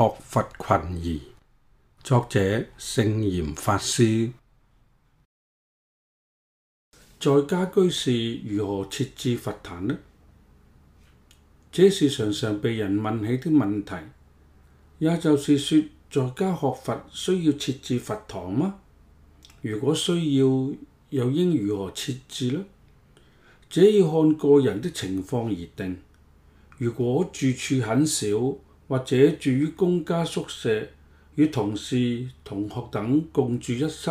學佛群疑，作者聖嚴法師。在家居士如何設置佛壇呢？這是常常被人問起的問題。也就是說，在家學佛需要設置佛堂嗎？如果需要，又應如何設置呢？這要看個人的情況而定。如果住處很小，或者住於公家宿舍，與同事、同學等共住一室，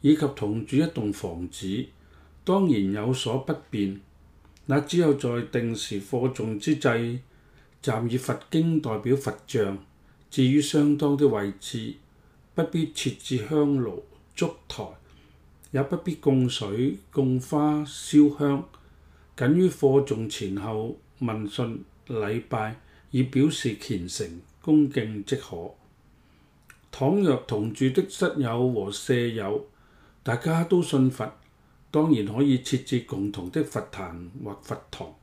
以及同住一棟房子，當然有所不便。那只有在定時課誦之際，暫以佛經代表佛像，置於相當的位置，不必設置香爐、燭台，也不必供水、供花、燒香，僅於課誦前後問訊禮拜。以表示虔誠恭敬即可。倘若同住的室友和舍友大家都信佛，當然可以設置共同的佛壇或佛堂。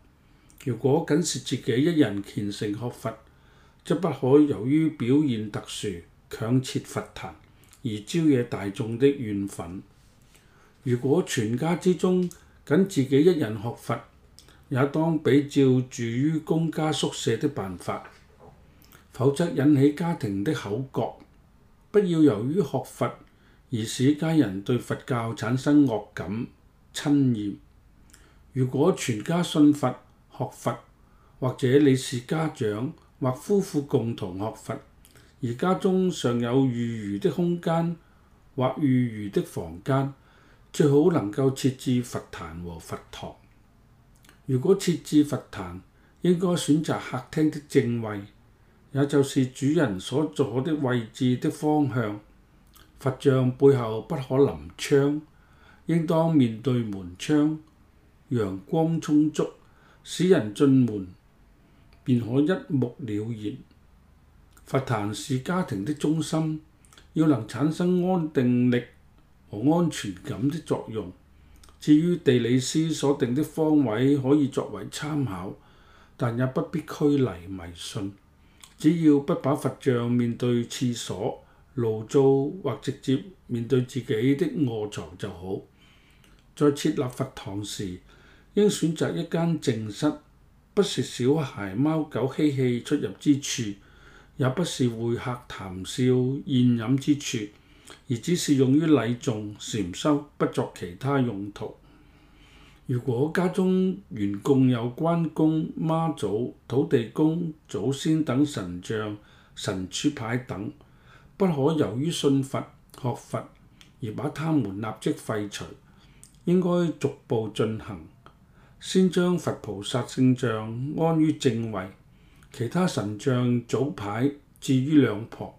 如果僅是自己一人虔誠學佛，則不可由於表現特殊，強設佛壇而招惹大眾的怨憤。如果全家之中僅自己一人學佛，也當比照住於公家宿舍的辦法，否則引起家庭的口角。不要由於學佛而使家人對佛教產生惡感、親厭。如果全家信佛、學佛，或者你是家長或夫婦共同學佛，而家中尚有餘裕的空間或餘裕的房間，最好能夠設置佛壇和佛堂。如果設置佛壇，應該選擇客廳的正位，也就是主人所坐的位置的方向。佛像背後不可臨窗，應當面對門窗，陽光充足，使人進門便可一目了然。佛壇是家庭的中心，要能產生安定力和安全感的作用。至於地理師所定的方位可以作為參考，但也不必拘泥迷信。只要不把佛像面對廁所、爐灶或直接面對自己的卧床就好。在設立佛堂時，應選擇一間靜室，不是小孩、貓狗嬉戲出入之處，也不是會客談笑宴飲之處。而只是用於禮眾禪修，不作其他用途。如果家中原共有關公、媽祖、土地公、祖先等神像、神主牌等，不可由於信佛、學佛而把他們立即廢除，應該逐步進行，先將佛菩薩聖像安於正位，其他神像、祖牌置於兩旁。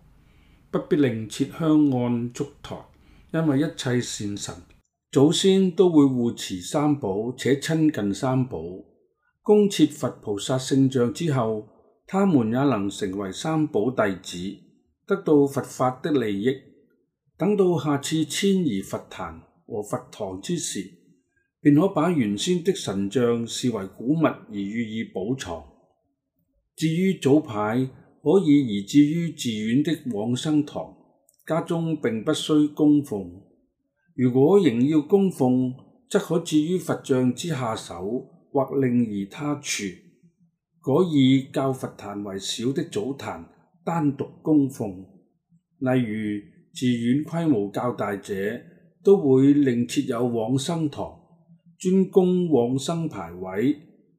不必另設香案燭台，因為一切善神祖先都會護持三寶，且親近三寶。供設佛菩薩聖像之後，他們也能成為三寶弟子，得到佛法的利益。等到下次遷移佛壇和佛堂之時，便可把原先的神像視為古物而予以保存。至於祖牌，可以移至於寺院的往生堂，家中並不需供奉。如果仍要供奉，則可置於佛像之下首或另而他處。可以較佛壇為小的祖壇，單獨供奉。例如寺院規模較大者，都會另設有往生堂，專供往生牌位。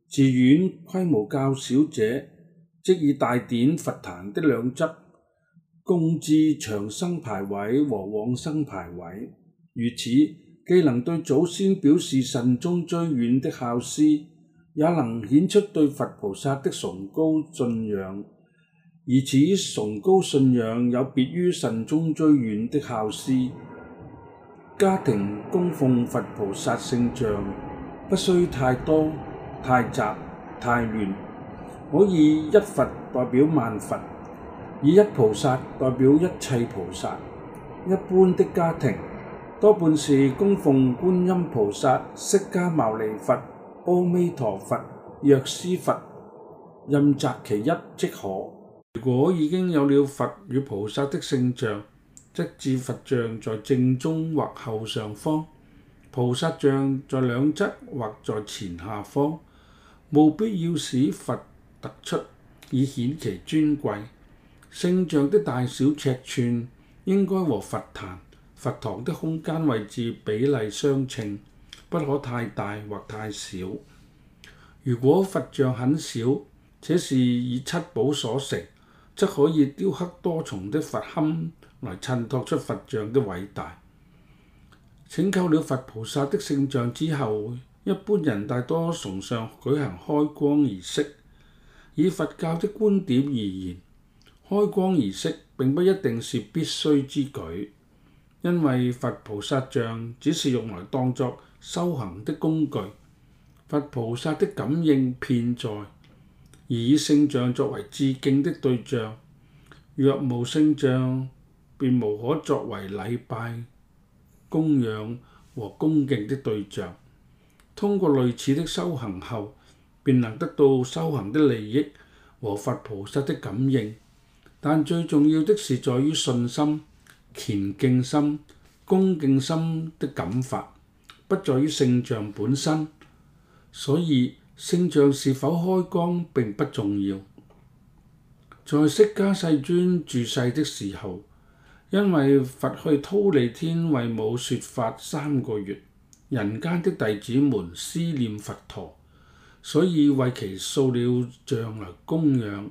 寺院規模較小者，即以大典佛壇的兩側供置長生牌位和往生牌位，如此既能對祖先表示慎終追遠的孝思，也能顯出對佛菩薩的崇高信仰。而此崇高信仰有別於慎終追遠的孝思，家庭供奉佛菩薩聖像，不需太多、太雜、太亂。可以一佛代表萬佛，以一菩薩代表一切菩薩。一般的家庭多半是供奉觀音菩薩、釋迦牟尼佛、阿彌陀佛、藥師佛，任擇其一即可。如果已經有了佛與菩薩的聖像，則置佛像在正中或後上方，菩薩像在兩側或在前下方，務必要使佛突出以顯其尊貴，聖像的大小尺寸應該和佛壇佛堂的空間位置比例相稱，不可太大或太小。如果佛像很小，且是以七寶所成，則可以雕刻多重的佛龕，來襯托出佛像的偉大。請購了佛菩薩的聖像之後，一般人大多崇尚舉行開光儀式。以佛教的觀點而言，開光儀式並不一定是必須之舉，因為佛菩薩像只是用來當作修行的工具，佛菩薩的感應遍在，而以聖像作為致敬的對象。若無聖像，便無可作為禮拜、供養和恭敬的對象。通過類似的修行後，便能得到修行的利益和佛菩薩的感應，但最重要的是在於信心、虔敬心、恭敬心的感法，不在於聖像本身。所以聖像是否開光并不重要。在釋迦世尊住世的時候，因為佛去忉利天為母說法三個月，人間的弟子們思念佛陀。所以為其塑了像來供養，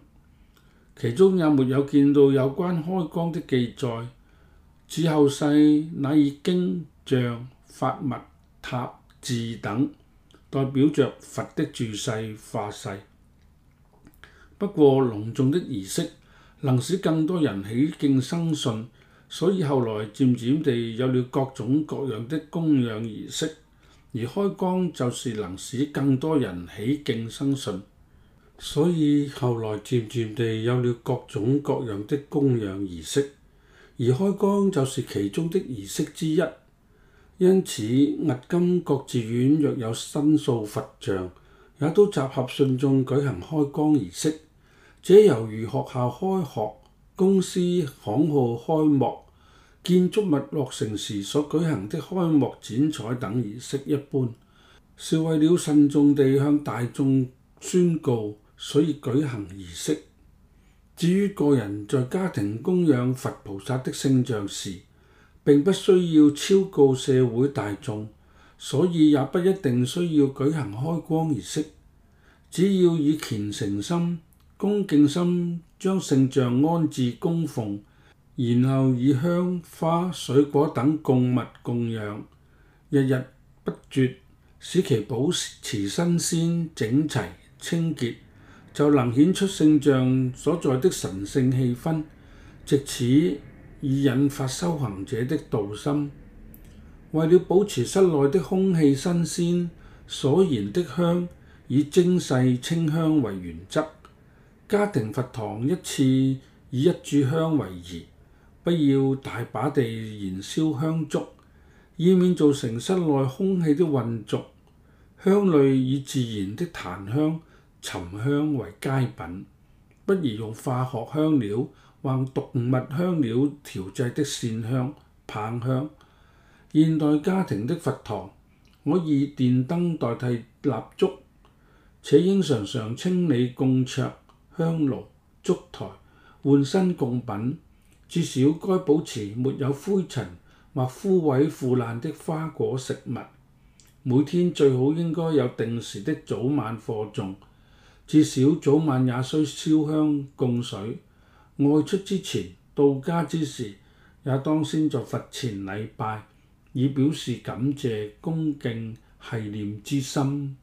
其中也沒有見到有關開光的記載。至後世，乃以經像、法物、塔寺等，代表着佛的住世化世。不過隆重的儀式能使更多人起敬生信，所以後來漸漸地有了各種各樣的供養儀式。而開光就是能使更多人起敬生信，所以後來漸漸地有了各種各樣的供養儀式，而開光就是其中的儀式之一。因此，壓金國寺院若有新塑佛像，也都集合信眾舉行開光儀式，這猶如學校開學、公司行號開幕。建築物落成時所舉行的開幕剪彩等儀式，一般是為了慎重地向大眾宣告，所以舉行儀式。至於個人在家庭供養佛菩薩的聖像時，並不需要昭告社會大眾，所以也不一定需要舉行開光儀式。只要以虔誠心、恭敬心將聖像安置供奉。然後以香花水果等供物供養，日日不絕，使其保持新鮮、整齊、清潔，就能顯出聖像所在的神聖氣氛，藉此以引發修行者的道心。為了保持室內的空氣新鮮，所燃的香以精細清香為原則。家庭佛堂一次以一炷香為宜。不要大把地燃燒香燭，以免造成室內空氣的混濁。香類以自然的檀香、沉香為佳品，不宜用化學香料或動物香料調製的線香、棒香。現代家庭的佛堂，可以電燈代替蠟燭，且應常常清理供桌、香爐、燭台，換新供品。至少該保持沒有灰塵或枯萎腐爛的花果食物。每天最好應該有定時的早晚課誦，至少早晚也需燒香供水。外出之前、到家之時，也當先在佛前禮拜，以表示感謝恭敬繫念之心。